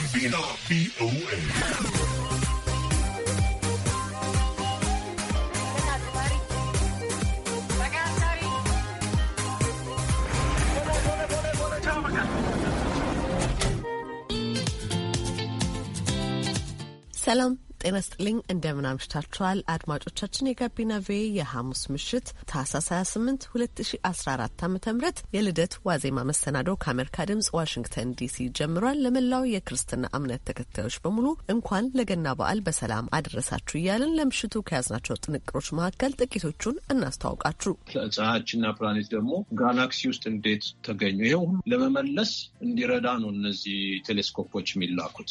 ጋቢና ቪኦኤ ሰላም ጤና ስጥልኝ እንደምን አምሽታችኋል አድማጮቻችን። የጋቢና ቪኦኤ የሐሙስ ምሽት ታህሳስ 28 2014 ዓ ም የልደት ዋዜማ መሰናዶ ከአሜሪካ ድምጽ ዋሽንግተን ዲሲ ጀምሯል። ለመላው የክርስትና እምነት ተከታዮች በሙሉ እንኳን ለገና በዓል በሰላም አደረሳችሁ እያልን ለምሽቱ ከያዝናቸው ጥንቅሮች መካከል ጥቂቶቹን እናስተዋውቃችሁ። ፀሐያችንና ፕላኔት ደግሞ ጋላክሲ ውስጥ እንዴት ተገኙ? ይሄ ሁሉ ለመመለስ እንዲረዳ ነው እነዚህ ቴሌስኮፖች የሚላኩት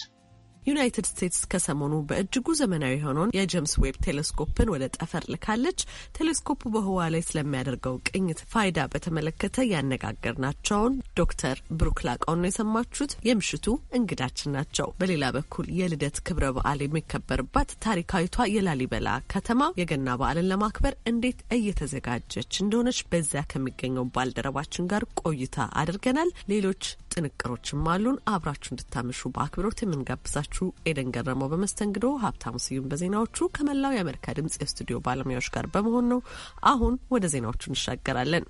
ዩናይትድ ስቴትስ ከሰሞኑ በእጅጉ ዘመናዊ የሆነውን የጀምስ ዌብ ቴሌስኮፕን ወደ ጠፈር ልካለች። ቴሌስኮፑ በህዋ ላይ ስለሚያደርገው ቅኝት ፋይዳ በተመለከተ ያነጋገርናቸውን ዶክተር ብሩክ ላቀውን ነው የሰማችሁት። የምሽቱ እንግዳችን ናቸው። በሌላ በኩል የልደት ክብረ በዓል የሚከበርባት ታሪካዊቷ የላሊበላ ከተማ የገና በዓልን ለማክበር እንዴት እየተዘጋጀች እንደሆነች በዚያ ከሚገኘው ባልደረባችን ጋር ቆይታ አድርገናል። ሌሎች ጥንቅሮችም አሉን። አብራችሁ እንድታመሹ በአክብሮት የምንጋብዛችሁ ኤደን ገረመው በመስተንግዶ ሀብታሙ ስዩም በዜናዎቹ ከመላው የአሜሪካ ድምጽ የስቱዲዮ ባለሙያዎች ጋር በመሆን ነው። አሁን ወደ ዜናዎቹ እንሻገራለን።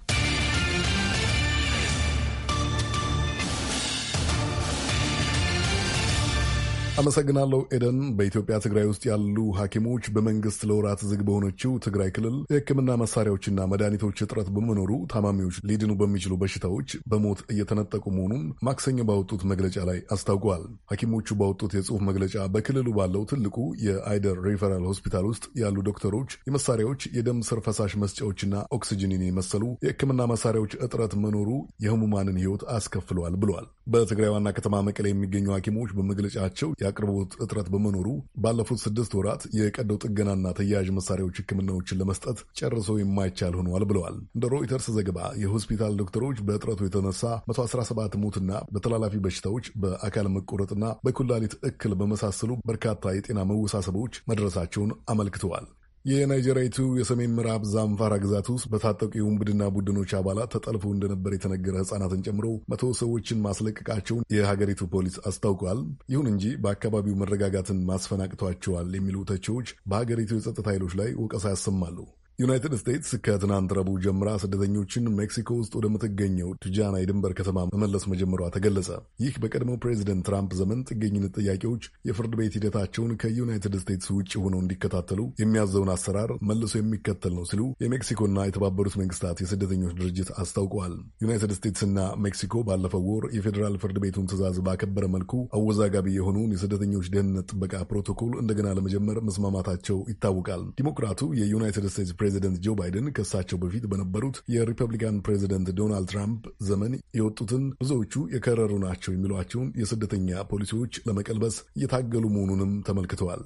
አመሰግናለሁ ኤደን። በኢትዮጵያ ትግራይ ውስጥ ያሉ ሐኪሞች በመንግስት ለወራት ዝግ በሆነችው ትግራይ ክልል የሕክምና መሳሪያዎችና መድኃኒቶች እጥረት በመኖሩ ታማሚዎች ሊድኑ በሚችሉ በሽታዎች በሞት እየተነጠቁ መሆኑን ማክሰኞ ባወጡት መግለጫ ላይ አስታውቀዋል። ሐኪሞቹ ባወጡት የጽሑፍ መግለጫ በክልሉ ባለው ትልቁ የአይደር ሪፈራል ሆስፒታል ውስጥ ያሉ ዶክተሮች የመሳሪያዎች፣ የደም ስር ፈሳሽ መስጫዎችና ኦክስጅንን የመሰሉ የሕክምና መሳሪያዎች እጥረት መኖሩ የህሙማንን ህይወት አስከፍለዋል ብለዋል። በትግራይ ዋና ከተማ መቀሌ የሚገኙ ሐኪሞች በመግለጫቸው የአቅርቦት እጥረት በመኖሩ ባለፉት ስድስት ወራት የቀዶ ጥገናና ተያያዥ መሳሪያዎች ሕክምናዎችን ለመስጠት ጨርሶ የማይቻል ሆኗል ብለዋል። እንደ ሮይተርስ ዘገባ የሆስፒታል ዶክተሮች በእጥረቱ የተነሳ 117 ሞትና በተላላፊ በሽታዎች በአካል መቆረጥና በኩላሊት እክል በመሳሰሉ በርካታ የጤና መወሳሰቦች መድረሳቸውን አመልክተዋል። የናይጀሪያዊቱ የሰሜን ምዕራብ ዛምፋራ ግዛት ውስጥ በታጠቁ የውንብድና ቡድኖች አባላት ተጠልፎ እንደነበር የተነገረ ህጻናትን ጨምሮ መቶ ሰዎችን ማስለቀቃቸውን የሀገሪቱ ፖሊስ አስታውቋል። ይሁን እንጂ በአካባቢው መረጋጋትን ማስፈናቅቷቸዋል የሚሉ ተቺዎች በሀገሪቱ የጸጥታ ኃይሎች ላይ ወቀሳ ያሰማሉ። ዩናይትድ ስቴትስ ከትናንት ረቡዕ ጀምራ ስደተኞችን ሜክሲኮ ውስጥ ወደምትገኘው ቱጃና የድንበር ከተማ መመለስ መጀመሯ ተገለጸ። ይህ በቀድሞው ፕሬዚደንት ትራምፕ ዘመን ጥገኝነት ጥያቄዎች የፍርድ ቤት ሂደታቸውን ከዩናይትድ ስቴትስ ውጭ ሆነው እንዲከታተሉ የሚያዘውን አሰራር መልሶ የሚከተል ነው ሲሉ የሜክሲኮና የተባበሩት መንግስታት የስደተኞች ድርጅት አስታውቀዋል። ዩናይትድ ስቴትስና ሜክሲኮ ባለፈው ወር የፌዴራል ፍርድ ቤቱን ትዕዛዝ ባከበረ መልኩ አወዛጋቢ የሆኑን የስደተኞች ደህንነት ጥበቃ ፕሮቶኮል እንደገና ለመጀመር መስማማታቸው ይታወቃል። ዲሞክራቱ የዩናይትድ ስቴትስ ፕሬዚደንት ጆ ባይደን ከሳቸው በፊት በነበሩት የሪፐብሊካን ፕሬዚደንት ዶናልድ ትራምፕ ዘመን የወጡትን ብዙዎቹ የከረሩ ናቸው የሚሏቸውን የስደተኛ ፖሊሲዎች ለመቀልበስ እየታገሉ መሆኑንም ተመልክተዋል።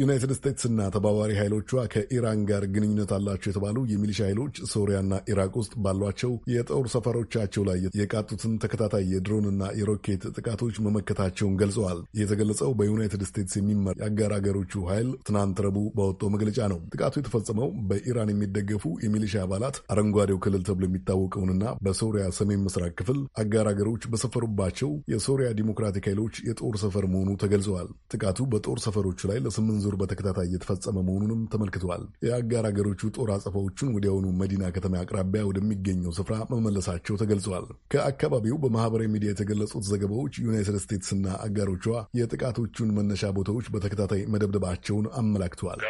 ዩናይትድ ስቴትስና ተባባሪ ኃይሎቿ ከኢራን ጋር ግንኙነት አላቸው የተባሉ የሚሊሻ ኃይሎች ሶሪያና ኢራቅ ውስጥ ባሏቸው የጦር ሰፈሮቻቸው ላይ የቃጡትን ተከታታይ የድሮንና የሮኬት ጥቃቶች መመከታቸውን ገልጸዋል። የተገለጸው በዩናይትድ ስቴትስ የሚመራ የአጋር አገሮቹ ኃይል ትናንት ረቡዕ ባወጣው መግለጫ ነው። ጥቃቱ የተፈጸመው በኢራን የሚደገፉ የሚሊሻ አባላት አረንጓዴው ክልል ተብሎ የሚታወቀውንና በሶሪያ ሰሜን ምስራቅ ክፍል አጋር አገሮች በሰፈሩባቸው የሶሪያ ዲሞክራቲክ ኃይሎች የጦር ሰፈር መሆኑ ተገልጸዋል። ጥቃቱ በጦር ሰፈሮቹ ላይ ለስምንት ዙር በተከታታይ እየተፈጸመ መሆኑንም ተመልክተዋል። የአጋር አገሮቹ ጦር አጸፋዎቹን ወዲያውኑ መዲና ከተማ አቅራቢያ ወደሚገኘው ስፍራ መመለሳቸው ተገልጸዋል። ከአካባቢው በማህበራዊ ሚዲያ የተገለጹት ዘገባዎች ዩናይትድ ስቴትስና አጋሮቿ የጥቃቶቹን መነሻ ቦታዎች በተከታታይ መደብደባቸውን አመላክተዋል።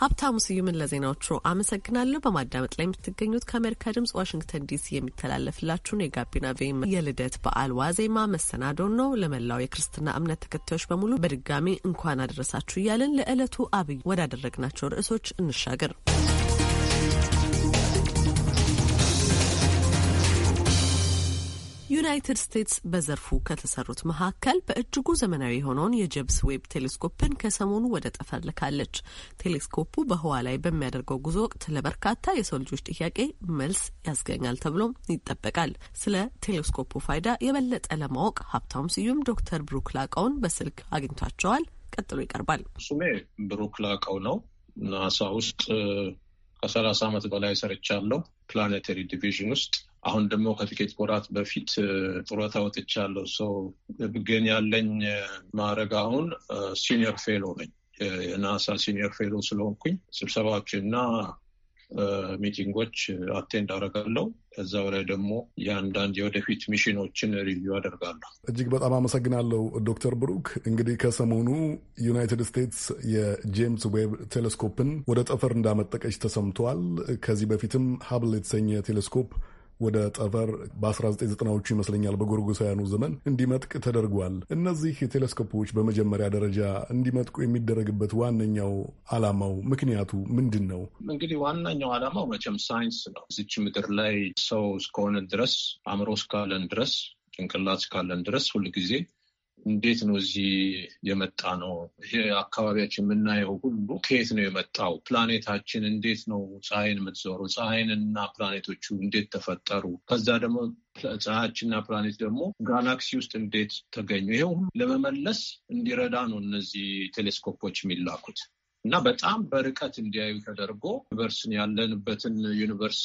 ሀብታሙ ስዩምን ለዜናዎቹ አመሰግናለሁ። በማዳመጥ ላይ የምትገኙት ከአሜሪካ ድምጽ ዋሽንግተን ዲሲ የሚተላለፍላችሁን የጋቢና ቬ የልደት በዓል ዋዜማ መሰናዶን ነው። ለመላው የክርስትና እምነት ተከታዮች በሙሉ በድጋሚ እንኳን አደረሳችሁ እያልን ለዕለቱ አብይ ወዳደረግናቸው ርዕሶች እንሻገር። ዩናይትድ ስቴትስ በዘርፉ ከተሰሩት መካከል በእጅጉ ዘመናዊ የሆነውን የጀብስ ዌብ ቴሌስኮፕን ከሰሞኑ ወደ ጠፈር ልካለች። ቴሌስኮፑ በህዋ ላይ በሚያደርገው ጉዞ ወቅት ለበርካታ የሰው ልጆች ጥያቄ መልስ ያስገኛል ተብሎም ይጠበቃል። ስለ ቴሌስኮፑ ፋይዳ የበለጠ ለማወቅ ሀብታም ስዩም ዶክተር ብሩክ ላቀውን በስልክ አግኝቷቸዋል። ቀጥሎ ይቀርባል። ስሜ ብሩክ ላቀው ነው። ናሳ ውስጥ ከሰላሳ ዓመት በላይ ሰርቻለሁ ፕላኔተሪ ዲቪዥን ውስጥ አሁን ደግሞ ከጥቂት ወራት በፊት ጡረታ ወጥቻለሁ። ሰው ግን ያለኝ ማዕረግ አሁን ሲኒየር ፌሎ ነኝ። የናሳ ሲኒየር ፌሎ ስለሆንኩኝ ስብሰባዎች እና ሚቲንጎች አቴንድ አደርጋለሁ። ከዛ በላይ ደግሞ የአንዳንድ የወደፊት ሚሽኖችን ሪቪው አደርጋለሁ። እጅግ በጣም አመሰግናለሁ ዶክተር ብሩክ። እንግዲህ ከሰሞኑ ዩናይትድ ስቴትስ የጄምስ ዌብ ቴሌስኮፕን ወደ ጠፈር እንዳመጠቀች ተሰምተዋል። ከዚህ በፊትም ሀብል የተሰኘ ቴሌስኮፕ ወደ ጠፈር በ1990ዎቹ ይመስለኛል በጎርጎሳውያኑ ዘመን እንዲመጥቅ ተደርጓል። እነዚህ ቴሌስኮፖች በመጀመሪያ ደረጃ እንዲመጥቁ የሚደረግበት ዋነኛው ዓላማው ምክንያቱ ምንድን ነው? እንግዲህ ዋነኛው ዓላማው መቼም ሳይንስ ነው። እዚች ምድር ላይ ሰው እስከሆነ ድረስ አእምሮ እስካለን ድረስ ጭንቅላት እስካለን ድረስ ሁልጊዜ እንዴት ነው እዚህ የመጣ ነው? ይሄ አካባቢያችን የምናየው ሁሉ ከየት ነው የመጣው? ፕላኔታችን እንዴት ነው ፀሐይን የምትዞሩ ፀሐይንና ፕላኔቶቹ እንዴት ተፈጠሩ? ከዛ ደግሞ ፀሐያችንና ፕላኔት ደግሞ ጋላክሲ ውስጥ እንዴት ተገኙ? ይሄ ሁሉ ለመመለስ እንዲረዳ ነው እነዚህ ቴሌስኮፖች የሚላኩት እና በጣም በርቀት እንዲያዩ ተደርጎ ዩኒቨርስን ያለንበትን ዩኒቨርስ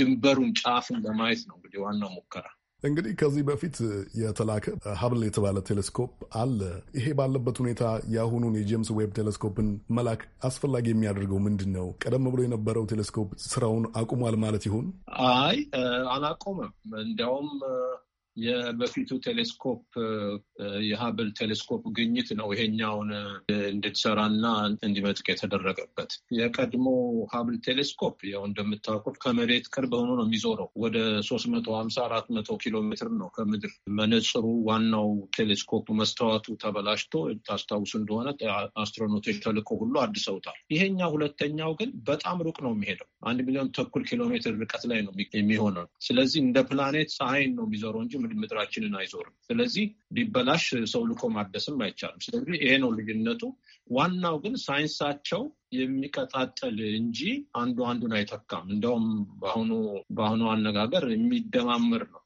ድንበሩን ጫፍን ለማየት ነው እንግዲህ ዋናው ሙከራ እንግዲህ ከዚህ በፊት የተላከ ሀብል የተባለ ቴሌስኮፕ አለ። ይሄ ባለበት ሁኔታ የአሁኑን የጄምስ ዌብ ቴሌስኮፕን መላክ አስፈላጊ የሚያደርገው ምንድን ነው? ቀደም ብሎ የነበረው ቴሌስኮፕ ስራውን አቁሟል ማለት ይሆን? አይ አላቆመም። እንዲያውም የበፊቱ ቴሌስኮፕ የሀብል ቴሌስኮፕ ግኝት ነው ይሄኛውን እንድትሰራና እንዲመጥቅ የተደረገበት። የቀድሞ ሀብል ቴሌስኮፕ ያው እንደምታውቁት ከመሬት ቅርብ ሆኖ ነው የሚዞረው። ወደ ሶስት መቶ ሀምሳ አራት መቶ ኪሎ ሜትር ነው ከምድር። መነጽሩ ዋናው ቴሌስኮፕ መስታወቱ ተበላሽቶ ታስታውሱ እንደሆነ አስትሮኖቶች ተልኮ ሁሉ አድሰውታል። ይሄኛው ሁለተኛው ግን በጣም ሩቅ ነው የሚሄደው። አንድ ሚሊዮን ተኩል ኪሎ ሜትር ርቀት ላይ ነው የሚሆነው። ስለዚህ እንደ ፕላኔት ፀሐይን ነው የሚዞረው እንጂ ምድራችንን አይዞርም። ስለዚህ ሊበላሽ ሰው ልኮ ማደስም አይቻልም። ስለዚህ ይሄ ነው ልዩነቱ። ዋናው ግን ሳይንሳቸው የሚቀጣጠል እንጂ አንዱ አንዱን አይተካም። እንደውም በአሁኑ በአሁኑ አነጋገር የሚደማምር ነው።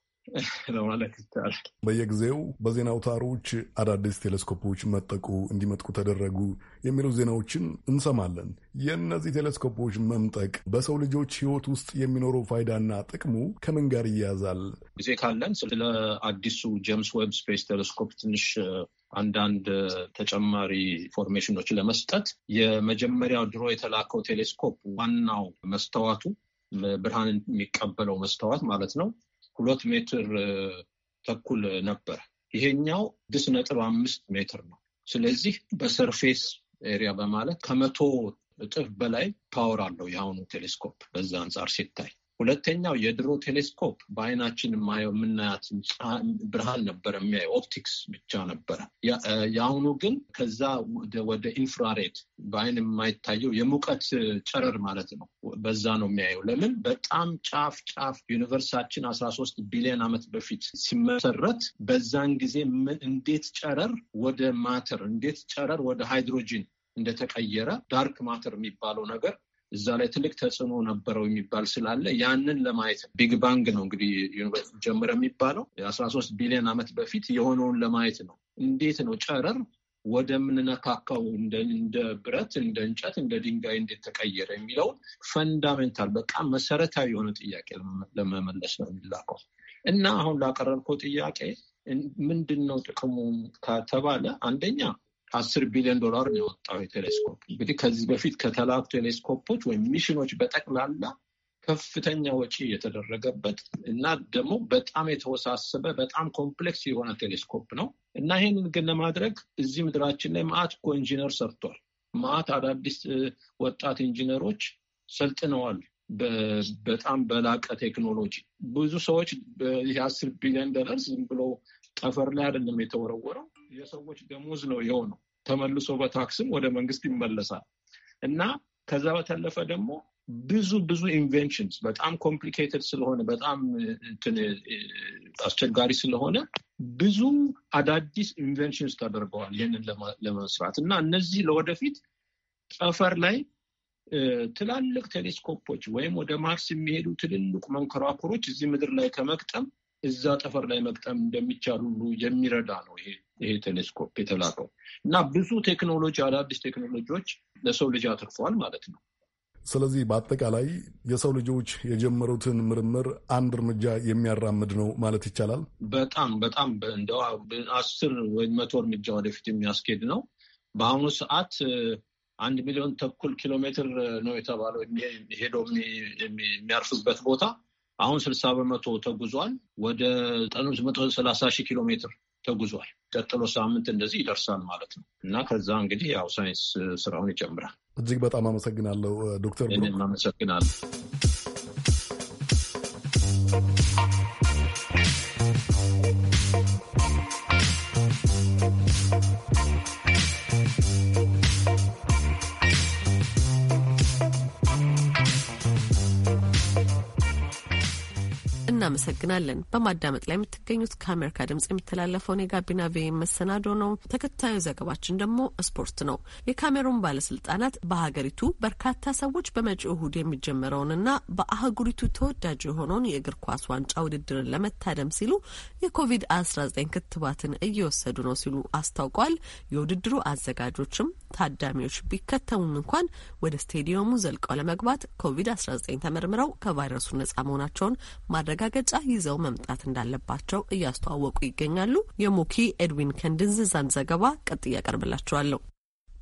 ለማለት ይቻላል። በየጊዜው በዜና አውታሮች አዳዲስ ቴሌስኮፖች መጠቁ እንዲመጥቁ ተደረጉ የሚሉ ዜናዎችን እንሰማለን። የእነዚህ ቴሌስኮፖች መምጠቅ በሰው ልጆች ሕይወት ውስጥ የሚኖረው ፋይዳና ጥቅሙ ከምን ጋር ይያዛል ጊዜ ካለን ስለ አዲሱ ጄምስ ዌብ ስፔስ ቴሌስኮፕ ትንሽ አንዳንድ ተጨማሪ ኢንፎርሜሽኖች ለመስጠት የመጀመሪያው ድሮ የተላከው ቴሌስኮፕ ዋናው መስተዋቱ ብርሃን የሚቀበለው መስተዋት ማለት ነው ሁለት ሜትር ተኩል ነበረ። ይሄኛው ስድስት ነጥብ አምስት ሜትር ነው። ስለዚህ በሰርፌስ ኤሪያ በማለት ከመቶ እጥፍ በላይ ፓወር አለው የአሁኑ ቴሌስኮፕ በዛ አንጻር ሲታይ ሁለተኛው የድሮ ቴሌስኮፕ በአይናችን የማየው የምናያት ብርሃን ነበረ የሚያየው ኦፕቲክስ ብቻ ነበረ። የአሁኑ ግን ከዛ ወደ ኢንፍራሬድ በአይን የማይታየው የሙቀት ጨረር ማለት ነው። በዛ ነው የሚያየው። ለምን በጣም ጫፍ ጫፍ ዩኒቨርሳችን አስራ ሶስት ቢሊዮን ዓመት በፊት ሲመሰረት በዛን ጊዜ እንዴት ጨረር ወደ ማተር እንዴት ጨረር ወደ ሃይድሮጂን እንደተቀየረ ዳርክ ማተር የሚባለው ነገር እዛ ላይ ትልቅ ተጽዕኖ ነበረው የሚባል ስላለ ያንን ለማየት ቢግ ባንግ ነው እንግዲህ ዩኒቨርሲቲ ጀምረ የሚባለው የአስራ ሶስት ቢሊዮን ዓመት በፊት የሆነውን ለማየት ነው። እንዴት ነው ጨረር ወደምንነካካው እንደ ብረት፣ እንደ እንጨት፣ እንደ ድንጋይ እንዴት ተቀየረ የሚለውን ፈንዳሜንታል በጣም መሰረታዊ የሆነ ጥያቄ ለመመለስ ነው የሚላከው እና አሁን ላቀረብከው ጥያቄ ምንድን ነው ጥቅሙ ከተባለ አንደኛ አስር ቢሊዮን ዶላር ነው የወጣው የቴሌስኮፕ እንግዲህ ከዚህ በፊት ከተላኩ ቴሌስኮፖች ወይም ሚሽኖች በጠቅላላ ከፍተኛ ወጪ የተደረገበት እና ደግሞ በጣም የተወሳሰበ በጣም ኮምፕሌክስ የሆነ ቴሌስኮፕ ነው እና ይህንን ግን ለማድረግ እዚህ ምድራችን ላይ ማአት እኮ ኢንጂነር ሰርቷል። ማአት አዳዲስ ወጣት ኢንጂነሮች ሰልጥነዋል። በጣም በላቀ ቴክኖሎጂ ብዙ ሰዎች አስር ቢሊዮን ዶላር ዝም ብሎ ጠፈር ላይ አይደለም የተወረወረው የሰዎች ደሞዝ ነው የሆነው። ተመልሶ በታክስም ወደ መንግስት ይመለሳል እና ከዛ በተለፈ ደግሞ ብዙ ብዙ ኢንቨንሽንስ በጣም ኮምፕሊኬትድ ስለሆነ በጣም አስቸጋሪ ስለሆነ ብዙ አዳዲስ ኢንቨንሽንስ ተደርገዋል ይህንን ለመስራት እና እነዚህ ለወደፊት ጠፈር ላይ ትላልቅ ቴሌስኮፖች ወይም ወደ ማርስ የሚሄዱ ትልልቅ መንኮራኩሮች እዚህ ምድር ላይ ከመቅጠም እዛ ጠፈር ላይ መቅጠም እንደሚቻል ሁሉ የሚረዳ ነው ይሄ ይሄ ቴሌስኮፕ የተላከው እና ብዙ ቴክኖሎጂ አዳዲስ ቴክኖሎጂዎች ለሰው ልጅ አትርፈዋል ማለት ነው። ስለዚህ በአጠቃላይ የሰው ልጆች የጀመሩትን ምርምር አንድ እርምጃ የሚያራምድ ነው ማለት ይቻላል። በጣም በጣም እንደ አስር ወይም መቶ እርምጃ ወደፊት የሚያስኬድ ነው። በአሁኑ ሰዓት አንድ ሚሊዮን ተኩል ኪሎ ሜትር ነው የተባለው ሄዶ የሚያርፍበት ቦታ አሁን ስልሳ በመቶ ተጉዟል። ወደ ጠኑ መቶ ሰላሳ ሺህ ኪሎ ሜትር ተጉዟል። ቀጥሎ ሳምንት እንደዚህ ይደርሳል ማለት ነው እና ከዛ እንግዲህ ያው ሳይንስ ስራውን ይጨምራል። እጅግ በጣም አመሰግናለሁ ዶክተር ብሩክ አመሰግናለሁ። እናመሰግናለን። በማዳመጥ ላይ የምትገኙት ከአሜሪካ ድምጽ የሚተላለፈውን የጋቢና ቬ መሰናዶ ነው። ተከታዩ ዘገባችን ደግሞ ስፖርት ነው። የካሜሩን ባለስልጣናት በሀገሪቱ በርካታ ሰዎች በመጪው እሁድ የሚጀመረውንና በአህጉሪቱ ተወዳጅ የሆነውን የእግር ኳስ ዋንጫ ውድድርን ለመታደም ሲሉ የኮቪድ-19 ክትባትን እየወሰዱ ነው ሲሉ አስታውቋል። የውድድሩ አዘጋጆችም ታዳሚዎች ቢከተሙም እንኳን ወደ ስቴዲየሙ ዘልቀው ለመግባት ኮቪድ-19 ተመርምረው ከቫይረሱ ነጻ መሆናቸውን ማረጋገጫ ይዘው መምጣት እንዳለባቸው እያስተዋወቁ ይገኛሉ። የሙኪ ኤድዊን ከንድንዝዛን ዘገባ ቀጥዬ ያቀርብላችኋለሁ።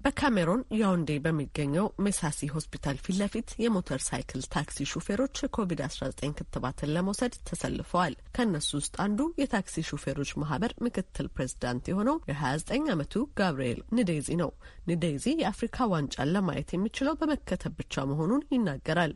በካሜሮን ያውንዴ በሚገኘው ሜሳሲ ሆስፒታል ፊት ለፊት የሞተር ሳይክል ታክሲ ሹፌሮች ኮቪድ-19 ክትባትን ለመውሰድ ተሰልፈዋል። ከእነሱ ውስጥ አንዱ የታክሲ ሹፌሮች ማህበር ምክትል ፕሬዚዳንት የሆነው የ29 ዓመቱ ጋብርኤል ንዴዚ ነው። ንዴዚ የአፍሪካ ዋንጫን ለማየት የሚችለው በመከተብ ብቻ መሆኑን ይናገራል።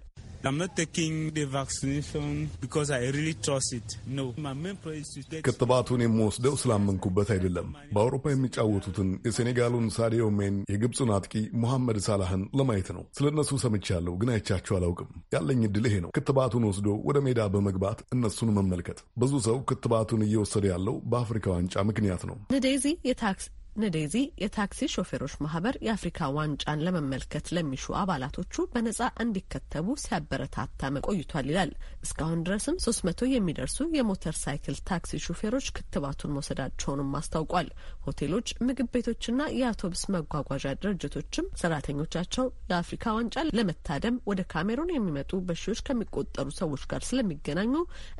ክትባቱን የምወስደው ስላመንኩበት አይደለም። በአውሮፓ የሚጫወቱትን የሴኔጋሉን ሳዲዮ ሜን፣ የግብፁን አጥቂ ሙሐመድ ሳላህን ለማየት ነው። ስለ እነሱ ሰምቻለሁ፣ ግን አይቻቸው አላውቅም። ያለኝ እድል ይሄ ነው፣ ክትባቱን ወስዶ ወደ ሜዳ በመግባት እነሱን መመልከት። ብዙ ሰው ክትባቱን እየወሰደ ያለው በአፍሪካ ዋንጫ ምክንያት ነው። ለዴዚ የታክስ ነዴዚ የታክሲ ሾፌሮች ማህበር የአፍሪካ ዋንጫን ለመመልከት ለሚሹ አባላቶቹ በነጻ እንዲከተቡ ሲያበረታታ መቆይቷል ይላል። እስካሁን ድረስም ሶስት መቶ የሚደርሱ የሞተር ሳይክል ታክሲ ሾፌሮች ክትባቱን መውሰዳቸውንም አስታውቋል። ሆቴሎች፣ ምግብ ቤቶችና የአውቶብስ መጓጓዣ ድርጅቶችም ሰራተኞቻቸው የአፍሪካ ዋንጫ ለመታደም ወደ ካሜሩን የሚመጡ በሺዎች ከሚቆጠሩ ሰዎች ጋር ስለሚገናኙ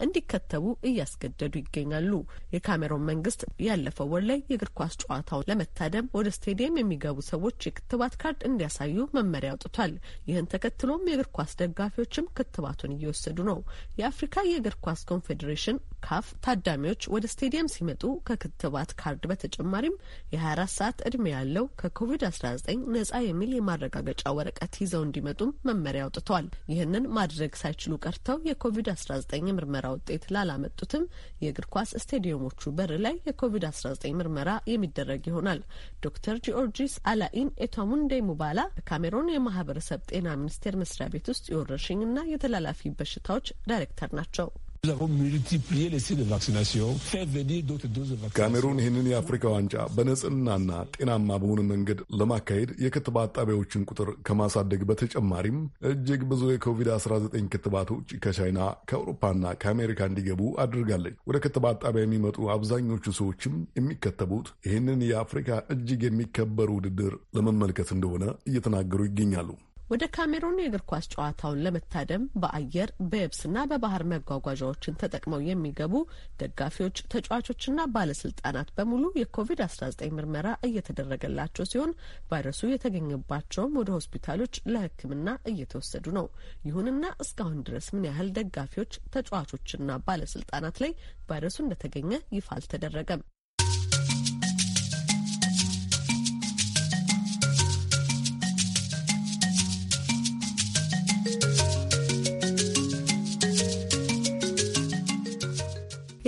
እንዲከተቡ እያስገደዱ ይገኛሉ። የካሜሩን መንግስት ያለፈው ወር ላይ የእግር ኳስ ጨዋታው ስብሰባው ለመታደም ወደ ስቴዲየም የሚገቡ ሰዎች የክትባት ካርድ እንዲያሳዩ መመሪያ አውጥቷል። ይህን ተከትሎም የእግር ኳስ ደጋፊዎችም ክትባቱን እየወሰዱ ነው። የአፍሪካ የእግር ኳስ ኮንፌዴሬሽን ካፍ ታዳሚዎች ወደ ስቴዲየም ሲመጡ ከክትባት ካርድ በተጨማሪም የ24 ሰዓት እድሜ ያለው ከኮቪድ-19 ነጻ የሚል የማረጋገጫ ወረቀት ይዘው እንዲመጡም መመሪያ አውጥተዋል። ይህንን ማድረግ ሳይችሉ ቀርተው የኮቪድ-19 የምርመራ ውጤት ላላመጡትም የእግር ኳስ ስቴዲየሞቹ በር ላይ የኮቪድ-19 ምርመራ የሚደረግ ይሆናል። ዶክተር ጂኦርጂስ አላኢን ኤቷሙንዴ ሙባላ በካሜሮን የማህበረሰብ ጤና ሚኒስቴር መስሪያ ቤት ውስጥ የወረርሽኝና የተላላፊ በሽታዎች ዳይሬክተር ናቸው። ካሜሩን ይህንን የአፍሪካ ዋንጫ በንጽህናና ጤናማ በሆነ መንገድ ለማካሄድ የክትባት ጣቢያዎችን ቁጥር ከማሳደግ በተጨማሪም እጅግ ብዙ የኮቪድ-19 ክትባቶች ከቻይና ከአውሮፓና ከአሜሪካ እንዲገቡ አድርጋለች። ወደ ክትባት ጣቢያ የሚመጡ አብዛኞቹ ሰዎችም የሚከተቡት ይህንን የአፍሪካ እጅግ የሚከበር ውድድር ለመመልከት እንደሆነ እየተናገሩ ይገኛሉ። ወደ ካሜሩን የእግር ኳስ ጨዋታውን ለመታደም በአየር በየብስና በባህር መጓጓዣዎችን ተጠቅመው የሚገቡ ደጋፊዎች፣ ተጫዋቾችና ባለስልጣናት በሙሉ የኮቪድ-19 ምርመራ እየተደረገላቸው ሲሆን ቫይረሱ የተገኘባቸውም ወደ ሆስፒታሎች ለሕክምና እየተወሰዱ ነው። ይሁንና እስካሁን ድረስ ምን ያህል ደጋፊዎች፣ ተጫዋቾችና ባለስልጣናት ላይ ቫይረሱ እንደተገኘ ይፋ አልተደረገም።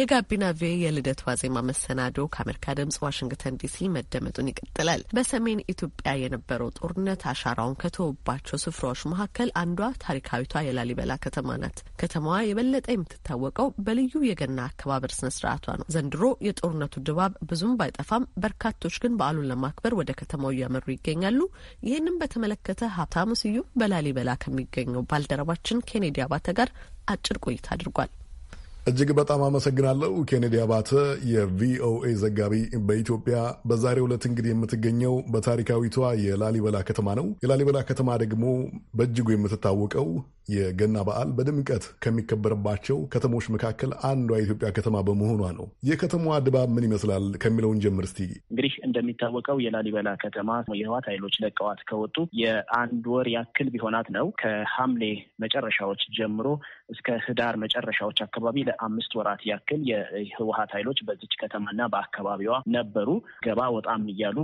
የጋቢና ቪ የልደት ዋዜማ መሰናዶ ከአሜሪካ ድምጽ ዋሽንግተን ዲሲ መደመጡን ይቀጥላል። በሰሜን ኢትዮጵያ የነበረው ጦርነት አሻራውን ከተወባቸው ስፍራዎች መካከል አንዷ ታሪካዊቷ የላሊበላ ከተማ ናት። ከተማዋ የበለጠ የምትታወቀው በልዩ የገና አከባበር ስነ ስርዓቷ ነው። ዘንድሮ የጦርነቱ ድባብ ብዙም ባይጠፋም፣ በርካቶች ግን በዓሉን ለማክበር ወደ ከተማው እያመሩ ይገኛሉ። ይህንም በተመለከተ ሀብታሙ ስዩም በላሊበላ ከሚገኘው ባልደረባችን ኬኔዲ አባተ ጋር አጭር ቆይታ አድርጓል። እጅግ በጣም አመሰግናለሁ ኬኔዲ አባተ፣ የቪኦኤ ዘጋቢ በኢትዮጵያ በዛሬው ዕለት እንግዲህ የምትገኘው በታሪካዊቷ የላሊበላ ከተማ ነው። የላሊበላ ከተማ ደግሞ በእጅጉ የምትታወቀው የገና በዓል በድምቀት ከሚከበርባቸው ከተሞች መካከል አንዷ የኢትዮጵያ ከተማ በመሆኗ ነው። የከተማዋ ድባብ ምን ይመስላል ከሚለውን ጀምር እስቲ። እንግዲህ እንደሚታወቀው የላሊበላ ከተማ የህዋት ኃይሎች ለቀዋት ከወጡ የአንድ ወር ያክል ቢሆናት ነው። ከሐምሌ መጨረሻዎች ጀምሮ እስከ ህዳር መጨረሻዎች አካባቢ ለአምስት ወራት ያክል የህወሀት ኃይሎች በዚች ከተማና በአካባቢዋ ነበሩ። ገባ ወጣም እያሉ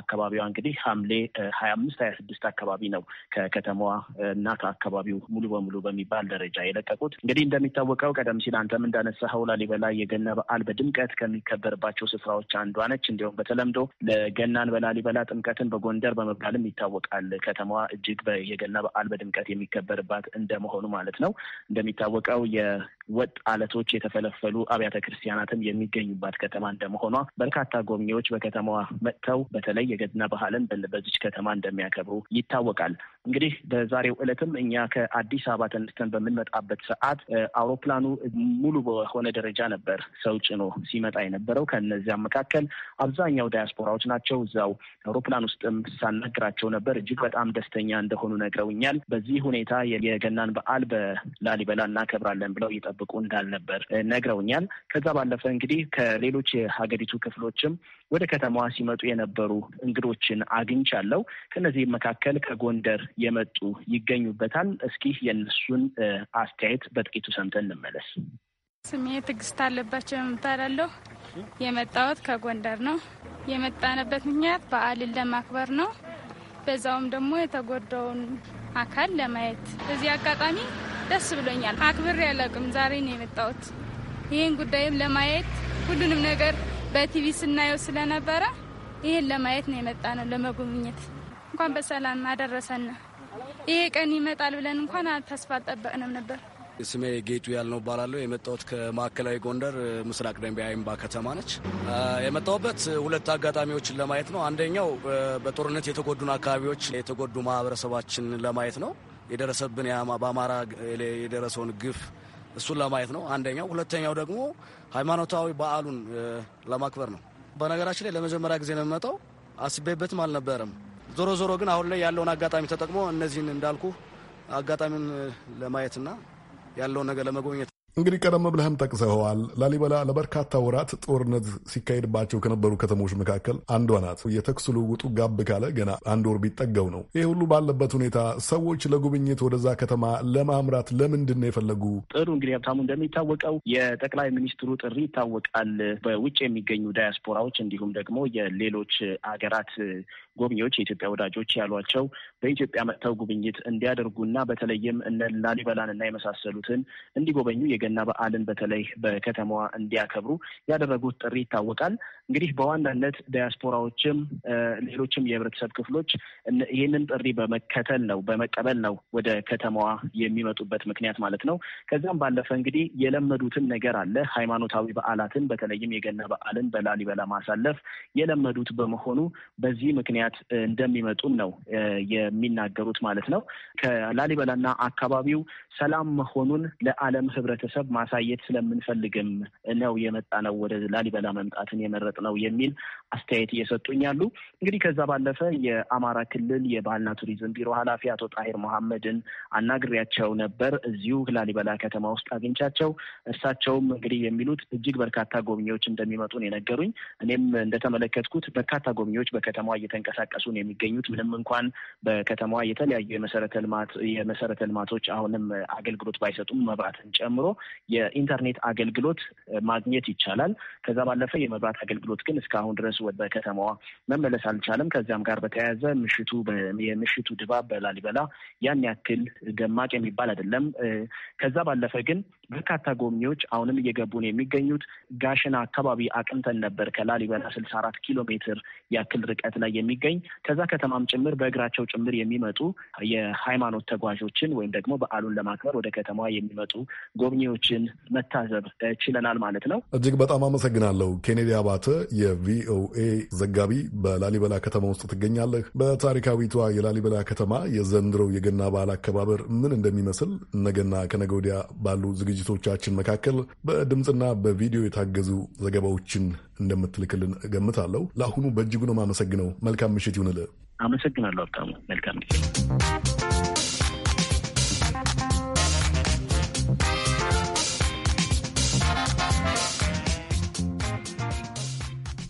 አካባቢዋ እንግዲህ ሐምሌ ሀያ አምስት ሀያ ስድስት አካባቢ ነው ከከተማዋ እና ከአካባቢው ሙሉ በሙሉ በሚባል ደረጃ የለቀቁት። እንግዲህ እንደሚታወቀው ቀደም ሲል አንተም እንዳነሳኸው ላሊበላ የገና በዓል በድምቀት ከሚከበርባቸው ስፍራዎች አንዷ ነች። እንዲሁም በተለምዶ ለገናን በላሊበላ ጥምቀትን በጎንደር በመባልም ይታወቃል። ከተማዋ እጅግ የገና በዓል በድምቀት የሚከበርባት እንደመሆኑ ማለት ነው። እንደሚታወቀው ወጥ አለቶች የተፈለፈሉ አብያተ ክርስቲያናትም የሚገኙባት ከተማ እንደመሆኗ በርካታ ጎብኚዎች በከተማዋ መጥተው በተለይ የገድና ባህልን በዚች ከተማ እንደሚያከብሩ ይታወቃል። እንግዲህ በዛሬው ዕለትም እኛ ከአዲስ አበባ ተነስተን በምንመጣበት ሰዓት አውሮፕላኑ ሙሉ በሆነ ደረጃ ነበር ሰው ጭኖ ሲመጣ የነበረው። ከነዚያ መካከል አብዛኛው ዳያስፖራዎች ናቸው። እዛው አውሮፕላን ውስጥም ሳናግራቸው ነበር። እጅግ በጣም ደስተኛ እንደሆኑ ነግረውኛል። በዚህ ሁኔታ የገናን በዓል በላሊበላ እናከብራለን ብለው ሲጠብቁ እንዳልነበር ነግረውኛል። ከዛ ባለፈ እንግዲህ ከሌሎች የሀገሪቱ ክፍሎችም ወደ ከተማዋ ሲመጡ የነበሩ እንግዶችን አግኝቻለሁ። ከነዚህ መካከል ከጎንደር የመጡ ይገኙበታል። እስኪ የእነሱን አስተያየት በጥቂቱ ሰምተን እንመለስ። ስሜ ትዕግስት አለባቸው የምታላለሁ። የመጣሁት ከጎንደር ነው። የመጣንበት ምክንያት በዓልን ለማክበር ነው። በዛውም ደግሞ የተጎዳውን አካል ለማየት እዚህ አጋጣሚ ደስ ብሎኛል። አክብሬ አላውቅም። ዛሬ ነው የመጣሁት። ይህን ጉዳይም ለማየት ሁሉንም ነገር በቲቪ ስናየው ስለነበረ ይህን ለማየት ነው የመጣ ነው ለመጎብኘት። እንኳን በሰላም አደረሰን። ይሄ ቀን ይመጣል ብለን እንኳን ተስፋ አልጠበቅንም ነበር። ስሜ ጌጡ ያልነው እባላለሁ። የመጣሁት ከማዕከላዊ ጎንደር ምስራቅ ደንቢያ አይምባ ከተማ ነች። የመጣሁበት ሁለት አጋጣሚዎችን ለማየት ነው። አንደኛው በጦርነት የተጎዱን አካባቢዎች የተጎዱ ማህበረሰባችን ለማየት ነው። የደረሰብን በአማራ የደረሰውን ግፍ እሱን ለማየት ነው አንደኛው። ሁለተኛው ደግሞ ሃይማኖታዊ በዓሉን ለማክበር ነው። በነገራችን ላይ ለመጀመሪያ ጊዜ ነው አስቤበትም አልነበረም። ዞሮ ዞሮ ግን አሁን ላይ ያለውን አጋጣሚ ተጠቅሞ እነዚህን እንዳልኩ አጋጣሚን ለማየትና ያለውን ነገር ለመጎብኘት እንግዲህ ቀደም ብለህም ጠቅሰኸዋል። ላሊበላ ለበርካታ ወራት ጦርነት ሲካሄድባቸው ከነበሩ ከተሞች መካከል አንዷ ናት። የተኩስ ልውውጡ ጋብ ካለ ገና አንድ ወር ቢጠገው ነው። ይህ ሁሉ ባለበት ሁኔታ ሰዎች ለጉብኝት ወደዛ ከተማ ለማምራት ለምንድን ነው የፈለጉ? ጥሩ እንግዲህ ሀብታሙ፣ እንደሚታወቀው የጠቅላይ ሚኒስትሩ ጥሪ ይታወቃል። በውጭ የሚገኙ ዳያስፖራዎች እንዲሁም ደግሞ የሌሎች አገራት ጎብኚዎች የኢትዮጵያ ወዳጆች ያሏቸው በኢትዮጵያ መጥተው ጉብኝት እንዲያደርጉና በተለይም እነ ላሊበላን እና የመሳሰሉትን እንዲጎበኙ የገና በዓልን በተለይ በከተማዋ እንዲያከብሩ ያደረጉት ጥሪ ይታወቃል። እንግዲህ በዋናነት ዲያስፖራዎችም ሌሎችም የህብረተሰብ ክፍሎች ይህንን ጥሪ በመከተል ነው በመቀበል ነው ወደ ከተማዋ የሚመጡበት ምክንያት ማለት ነው። ከዚያም ባለፈ እንግዲህ የለመዱትን ነገር አለ ሃይማኖታዊ በዓላትን በተለይም የገና በዓልን በላሊበላ ማሳለፍ የለመዱት በመሆኑ በዚህ ምክንያት እንደሚመጡም ነው የሚናገሩት ማለት ነው። ከላሊበላና አካባቢው ሰላም መሆኑን ለዓለም ህብረተሰብ ለህብረተሰብ ማሳየት ስለምንፈልግም ነው የመጣ ነው ወደ ላሊበላ መምጣትን የመረጥ ነው የሚል አስተያየት እየሰጡኝ ያሉ። እንግዲህ ከዛ ባለፈ የአማራ ክልል የባህልና ቱሪዝም ቢሮ ኃላፊ አቶ ጣሂር መሐመድን አናግሬያቸው ነበር እዚሁ ላሊበላ ከተማ ውስጥ አግኝቻቸው። እርሳቸውም እንግዲህ የሚሉት እጅግ በርካታ ጎብኚዎች እንደሚመጡ ነው የነገሩኝ። እኔም እንደተመለከትኩት በርካታ ጎብኚዎች በከተማዋ እየተንቀሳቀሱ ነው የሚገኙት። ምንም እንኳን በከተማዋ የተለያዩ የመሰረተ ልማት የመሰረተ ልማቶች አሁንም አገልግሎት ባይሰጡም መብራትን ጨምሮ የኢንተርኔት አገልግሎት ማግኘት ይቻላል። ከዛ ባለፈ የመብራት አገልግሎት ግን እስካሁን ድረስ በከተማዋ መመለስ አልቻለም። ከዚያም ጋር በተያያዘ ምሽቱ የምሽቱ ድባብ በላሊበላ ያን ያክል ደማቅ የሚባል አይደለም። ከዛ ባለፈ ግን በርካታ ጎብኚዎች አሁንም እየገቡ ነው የሚገኙት። ጋሸና አካባቢ አቅንተን ነበር። ከላሊበላ ስልሳ አራት ኪሎ ሜትር ያክል ርቀት ላይ የሚገኝ ከዛ ከተማም ጭምር በእግራቸው ጭምር የሚመጡ የሃይማኖት ተጓዦችን ወይም ደግሞ በዓሉን ለማክበር ወደ ከተማዋ የሚመጡ ጎብኚዎችን መታዘብ ችለናል ማለት ነው። እጅግ በጣም አመሰግናለሁ። ኬኔዲ አባተ የቪኦኤ ዘጋቢ በላሊበላ ከተማ ውስጥ ትገኛለህ። በታሪካዊቷ የላሊበላ ከተማ የዘንድሮው የገና በዓል አከባበር ምን እንደሚመስል ነገና ከነገ ወዲያ ባሉ ዝግጅ ዝግጅቶቻችን መካከል በድምፅና በቪዲዮ የታገዙ ዘገባዎችን እንደምትልክልን እገምታለሁ። ለአሁኑ በእጅጉ ነው የማመሰግነው። መልካም ምሽት ይሁንልህ። አመሰግናለሁ ሀብታሙ። መልካም ጊዜ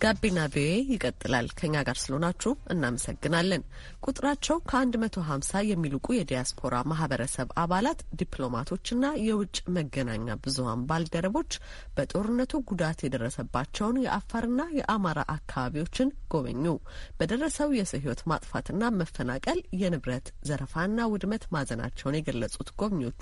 ጋቢና ቪኦኤ ይቀጥላል። ከኛ ጋር ስለሆናችሁ እናመሰግናለን። ቁጥራቸው ከ150 የሚልቁ የዲያስፖራ ማህበረሰብ አባላት፣ ዲፕሎማቶችና የውጭ መገናኛ ብዙሀን ባልደረቦች በጦርነቱ ጉዳት የደረሰባቸውን የአፋርና የአማራ አካባቢዎችን ጎበኙ። በደረሰው የሰው ህይወት ማጥፋትና መፈናቀል፣ የንብረት ዘረፋና ውድመት ማዘናቸውን የገለጹት ጎብኚዎቹ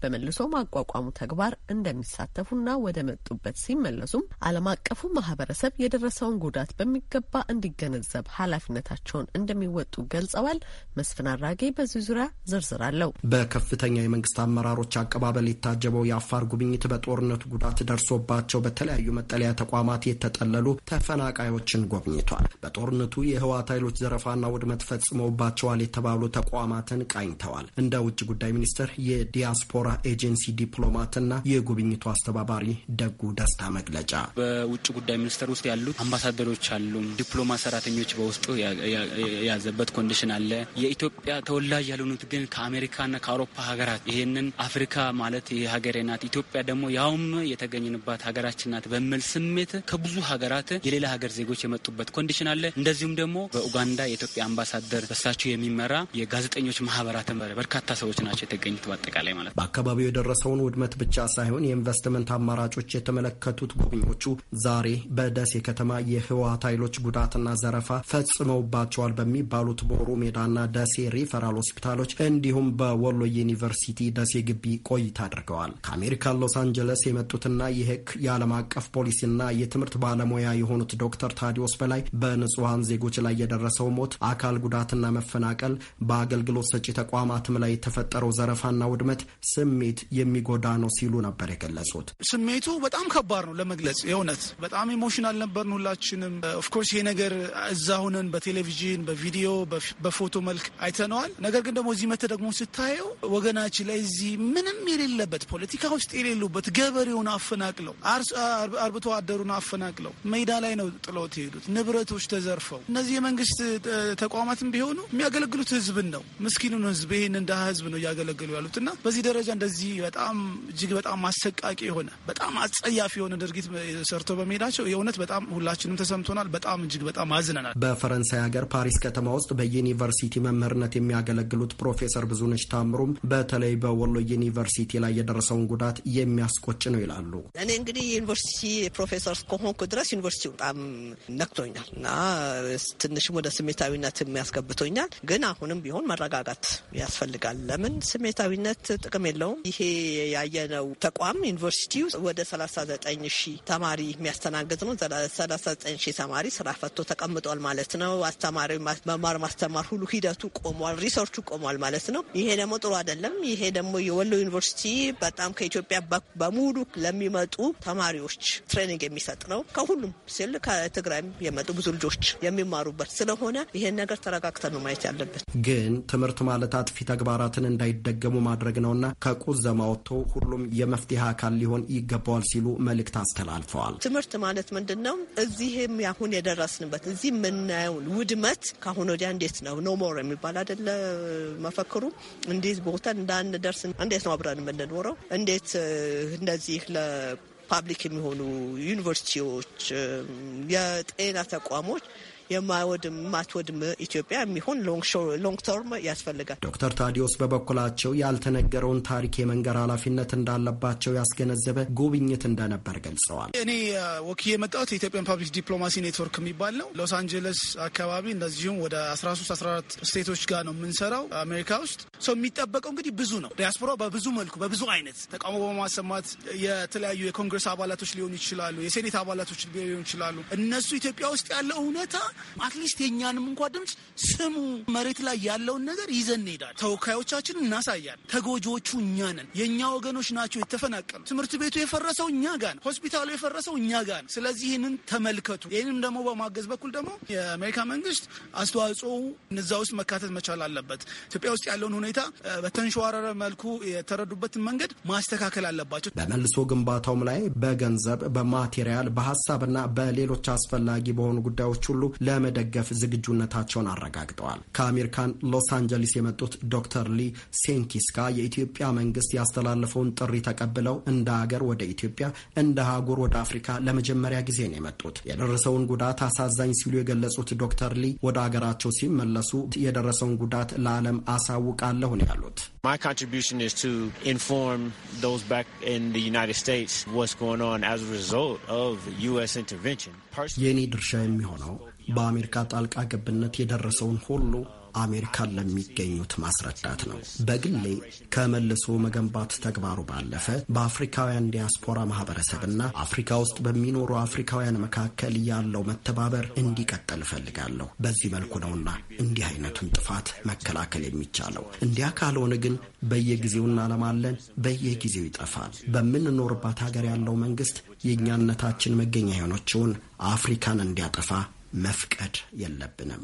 በመልሶ ማቋቋሙ ተግባር እንደሚሳተፉና ወደ መጡበት ሲመለሱም አለም አቀፉ ማህበረሰብ የደረሰ የደረሰውን ጉዳት በሚገባ እንዲገነዘብ ኃላፊነታቸውን እንደሚወጡ ገልጸዋል። መስፍን አራጌ በዚህ ዙሪያ ዝርዝር አለው። በከፍተኛ የመንግስት አመራሮች አቀባበል የታጀበው የአፋር ጉብኝት በጦርነቱ ጉዳት ደርሶባቸው በተለያዩ መጠለያ ተቋማት የተጠለሉ ተፈናቃዮችን ጎብኝቷል። በጦርነቱ የህወሓት ኃይሎች ዘረፋና ውድመት ፈጽመውባቸዋል የተባሉ ተቋማትን ቃኝተዋል። እንደ ውጭ ጉዳይ ሚኒስቴር የዲያስፖራ ኤጀንሲ ዲፕሎማትና የጉብኝቱ አስተባባሪ ደጉ ደስታ መግለጫ በውጭ ጉዳይ ሚኒስቴር ውስጥ ያሉት አምባሳደሮች አሉ፣ ዲፕሎማ ሰራተኞች በውስጡ የያዘበት ኮንዲሽን አለ። የኢትዮጵያ ተወላጅ ያልሆኑት ግን ከአሜሪካና ከአውሮፓ ሀገራት ይህንን አፍሪካ ማለት ይህ ሀገሬ ናት ኢትዮጵያ ደግሞ ያውም የተገኘንባት ሀገራችን ናት በሚል ስሜት ከብዙ ሀገራት የሌላ ሀገር ዜጎች የመጡበት ኮንዲሽን አለ። እንደዚሁም ደግሞ በኡጋንዳ የኢትዮጵያ አምባሳደር በሳቸው የሚመራ የጋዜጠኞች ማህበራት በርካታ ሰዎች ናቸው የተገኙት። በአጠቃላይ ማለት በአካባቢው የደረሰውን ውድመት ብቻ ሳይሆን የኢንቨስትመንት አማራጮች የተመለከቱት ጎብኚዎቹ ዛሬ በደሴ ከተማ የህወሀት ኃይሎች ጉዳትና ዘረፋ ፈጽመውባቸዋል በሚባሉት ቦሩ ሜዳና ደሴ ሪፈራል ሆስፒታሎች እንዲሁም በወሎ ዩኒቨርሲቲ ደሴ ግቢ ቆይታ አድርገዋል። ከአሜሪካ ሎስ አንጀለስ የመጡትና የህግ የዓለም አቀፍ ፖሊሲና የትምህርት ባለሙያ የሆኑት ዶክተር ታዲዮስ በላይ በንጹሐን ዜጎች ላይ የደረሰው ሞት፣ አካል ጉዳትና መፈናቀል፣ በአገልግሎት ሰጪ ተቋማትም ላይ የተፈጠረው ዘረፋና ውድመት ስሜት የሚጎዳ ነው ሲሉ ነበር የገለጹት። ስሜቱ በጣም ከባድ ነው ለመግለጽ የእውነት በጣም ኢሞሽናል ነበር ነው ሁላችንም ኦፍኮርስ uh, ይሄ ነገር እዛ ሆነን በቴሌቪዥን በቪዲዮ በፎቶ መልክ አይተነዋል። ነገር ግን ደግሞ እዚህ መተ ደግሞ ስታየው ወገናችን ላይ እዚህ ምንም የሌለበት ፖለቲካ ውስጥ የሌሉበት ገበሬውን አፈናቅለው አርብቶ አደሩን አፈናቅለው ሜዳ ላይ ነው ጥሎት የሄዱት። ንብረቶች ተዘርፈው እነዚህ የመንግስት uh, ተቋማትም ቢሆኑ የሚያገለግሉት ህዝብን ነው፣ ምስኪኑን ህዝብ ይህን እንደ ህዝብ ነው እያገለገሉ ያሉት እና በዚህ ደረጃ እንደዚህ በጣም እጅግ በጣም አሰቃቂ የሆነ በጣም አጸያፊ የሆነ ድርጊት ሰርቶ በመሄዳቸው የእውነት በጣም ሁላ ሁላችንም ተሰምቶናል። በጣም እጅግ በጣም አዝነናል። በፈረንሳይ ሀገር ፓሪስ ከተማ ውስጥ በዩኒቨርሲቲ መምህርነት የሚያገለግሉት ፕሮፌሰር ብዙነች ታምሩም በተለይ በወሎ ዩኒቨርሲቲ ላይ የደረሰውን ጉዳት የሚያስቆጭ ነው ይላሉ። እኔ እንግዲህ ዩኒቨርሲቲ ፕሮፌሰር እስከሆንኩ ድረስ ዩኒቨርሲቲ በጣም ነክቶኛል እና ትንሽም ወደ ስሜታዊነት የሚያስገብቶኛል። ግን አሁንም ቢሆን መረጋጋት ያስፈልጋል። ለምን ስሜታዊነት ጥቅም የለውም። ይሄ ያየነው ተቋም ዩኒቨርሲቲ ወደ 39 ሺህ ተማሪ የሚያስተናግድ ነው። 19 ሺህ ተማሪ ስራ ፈቶ ተቀምጧል ማለት ነው። አስተማሪ መማር ማስተማር ሁሉ ሂደቱ ቆሟል፣ ሪሰርቹ ቆሟል ማለት ነው። ይሄ ደግሞ ጥሩ አይደለም። ይሄ ደግሞ የወሎ ዩኒቨርሲቲ በጣም ከኢትዮጵያ በሙሉ ለሚመጡ ተማሪዎች ትሬኒንግ የሚሰጥ ነው። ከሁሉም ሲል ከትግራይም የመጡ ብዙ ልጆች የሚማሩበት ስለሆነ ይሄን ነገር ተረጋግተን ነው ማየት ያለበት። ግን ትምህርት ማለት አጥፊ ተግባራትን እንዳይደገሙ ማድረግ ነውና ከቁዘማ ወጥቶ ሁሉም የመፍትሄ አካል ሊሆን ይገባዋል ሲሉ መልእክት አስተላልፈዋል። ትምህርት ማለት ምንድን ነው? እዚህም አሁን የደረስንበት እዚህ የምናየውን ውድመት ከአሁን ወዲያ እንዴት ነው ሞር የሚባል አይደለ መፈክሩ። እንዲህ ቦታ እንዳንደርስ እንዴት ነው አብረን የምንኖረው? እንዴት እንደዚህ ለፓብሊክ የሚሆኑ ዩኒቨርሲቲዎች፣ የጤና ተቋሞች የማይወድም ማትወድም ኢትዮጵያ የሚሆን ሎንግ ተርም ያስፈልጋል። ዶክተር ታዲዮስ በበኩላቸው ያልተነገረውን ታሪክ የመንገር ኃላፊነት እንዳለባቸው ያስገነዘበ ጉብኝት እንደነበር ገልጸዋል። እኔ ወኪ የመጣሁት የኢትዮጵያን ፐብሊክ ዲፕሎማሲ ኔትወርክ የሚባል ነው። ሎስ አንጀለስ አካባቢ እንደዚሁም ወደ 13 14 ስቴቶች ጋር ነው የምንሰራው አሜሪካ ውስጥ። ሰው የሚጠበቀው እንግዲህ ብዙ ነው። ዲያስፖራ በብዙ መልኩ በብዙ አይነት ተቃውሞ በማሰማት የተለያዩ የኮንግረስ አባላቶች ሊሆኑ ይችላሉ፣ የሴኔት አባላቶች ሊሆኑ ይችላሉ። እነሱ ኢትዮጵያ ውስጥ ያለው እውነታ አትሊስት የእኛንም እንኳ ድምፅ ስሙ። መሬት ላይ ያለውን ነገር ይዘን እንሄዳለን። ተወካዮቻችን እናሳያለን። ተጎጂዎቹ እኛ ነን። የእኛ ወገኖች ናቸው የተፈናቀሉ። ትምህርት ቤቱ የፈረሰው እኛ ጋር ነው። ሆስፒታሉ የፈረሰው እኛ ጋር ነው። ስለዚህ ይህንን ተመልከቱ። ይህንም ደግሞ በማገዝ በኩል ደግሞ የአሜሪካ መንግስት አስተዋጽኦ እዛ ውስጥ መካተት መቻል አለበት። ኢትዮጵያ ውስጥ ያለውን ሁኔታ በተንሸዋረረ መልኩ የተረዱበትን መንገድ ማስተካከል አለባቸው። በመልሶ ግንባታውም ላይ በገንዘብ በማቴሪያል፣ በሀሳብና በሌሎች አስፈላጊ በሆኑ ጉዳዮች ሁሉ ለመደገፍ ዝግጁነታቸውን አረጋግጠዋል። ከአሜሪካን ሎስ አንጀሊስ የመጡት ዶክተር ሊ ሴንኪስካ የኢትዮጵያ መንግስት ያስተላለፈውን ጥሪ ተቀብለው እንደ ሀገር ወደ ኢትዮጵያ፣ እንደ አህጉር ወደ አፍሪካ ለመጀመሪያ ጊዜ ነው የመጡት። የደረሰውን ጉዳት አሳዛኝ ሲሉ የገለጹት ዶክተር ሊ ወደ ሀገራቸው ሲመለሱ የደረሰውን ጉዳት ለዓለም አሳውቃለሁ ነው ያሉት። My contribution is to inform those back in the United States what's going on as a result of U.S. intervention. የእኔ ድርሻ የሚሆነው በአሜሪካ ጣልቃ ገብነት የደረሰውን ሁሉ አሜሪካን ለሚገኙት ማስረዳት ነው። በግሌ ከመልሶ መገንባት ተግባሩ ባለፈ በአፍሪካውያን ዲያስፖራ ማህበረሰብና አፍሪካ ውስጥ በሚኖሩ አፍሪካውያን መካከል ያለው መተባበር እንዲቀጥል እፈልጋለሁ። በዚህ መልኩ ነውና እንዲህ አይነቱን ጥፋት መከላከል የሚቻለው። እንዲያ ካልሆነ ግን በየጊዜው እናለማለን፣ በየጊዜው ይጠፋል። በምንኖርባት ሀገር ያለው መንግስት የእኛነታችን መገኛ የሆነችውን አፍሪካን እንዲያጠፋ መፍቀድ የለብንም።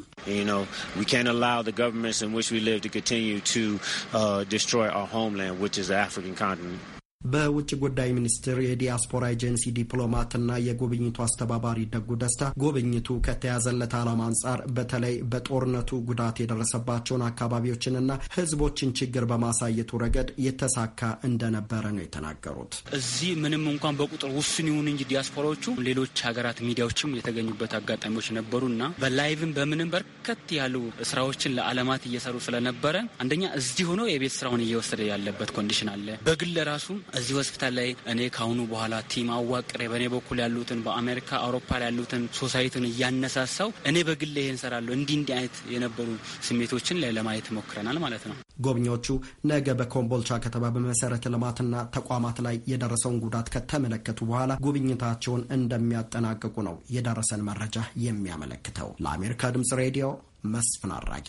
በውጭ ጉዳይ ሚኒስትር የዲያስፖራ ኤጀንሲ ዲፕሎማትና የጉብኝቱ አስተባባሪ ደጉ ደስታ ጉብኝቱ ከተያዘለት ዓላማ አንጻር በተለይ በጦርነቱ ጉዳት የደረሰባቸውን አካባቢዎችንና ሕዝቦችን ችግር በማሳየቱ ረገድ የተሳካ እንደነበረ ነው የተናገሩት። እዚህ ምንም እንኳን በቁጥር ውስን ይሁን እንጂ ዲያስፖራዎቹ ሌሎች ሀገራት ሚዲያዎችም የተገኙበት አጋጣሚዎች ነበሩና በላይቭም በምንም በርከት ያሉ ስራዎችን ለዓለማት እየሰሩ ስለነበረ አንደኛ እዚህ ሆኖ የቤት ስራውን እየወሰደ ያለበት ኮንዲሽን አለ። በግል ራሱ እዚህ ሆስፒታል ላይ እኔ ከአሁኑ በኋላ ቲም አዋቅሬ በእኔ በኩል ያሉትን በአሜሪካ አውሮፓ ላይ ያሉትን ሶሳይቲን እያነሳሳው እኔ በግሌ ይህን ሰራለሁ እንዲህ እንዲህ አይነት የነበሩ ስሜቶችን ላይ ለማየት ሞክረናል ማለት ነው። ጎብኚዎቹ ነገ በኮምቦልቻ ከተማ በመሰረተ ልማትና ተቋማት ላይ የደረሰውን ጉዳት ከተመለከቱ በኋላ ጉብኝታቸውን እንደሚያጠናቅቁ ነው የደረሰን መረጃ የሚያመለክተው። ለአሜሪካ ድምጽ ሬዲዮ መስፍን አራጌ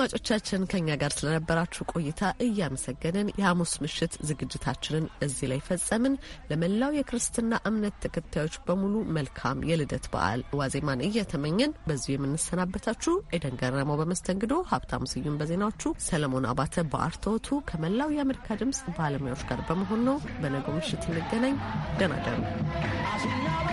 አድማጮቻችን ከኛ ጋር ስለነበራችሁ ቆይታ እያመሰገንን የሐሙስ ምሽት ዝግጅታችንን እዚህ ላይ ፈጸምን። ለመላው የክርስትና እምነት ተከታዮች በሙሉ መልካም የልደት በዓል ዋዜማን እየተመኘን በዚሁ የምንሰናበታችሁ ኤደን ገረመው በመስተንግዶ፣ ሀብታሙ ስዩም በዜናዎቹ፣ ሰለሞን አባተ በአርቶቱ ከመላው የአሜሪካ ድምፅ ባለሙያዎች ጋር በመሆን ነው። በነገው ምሽት እንገናኝ። ደናደሩ ደሩ።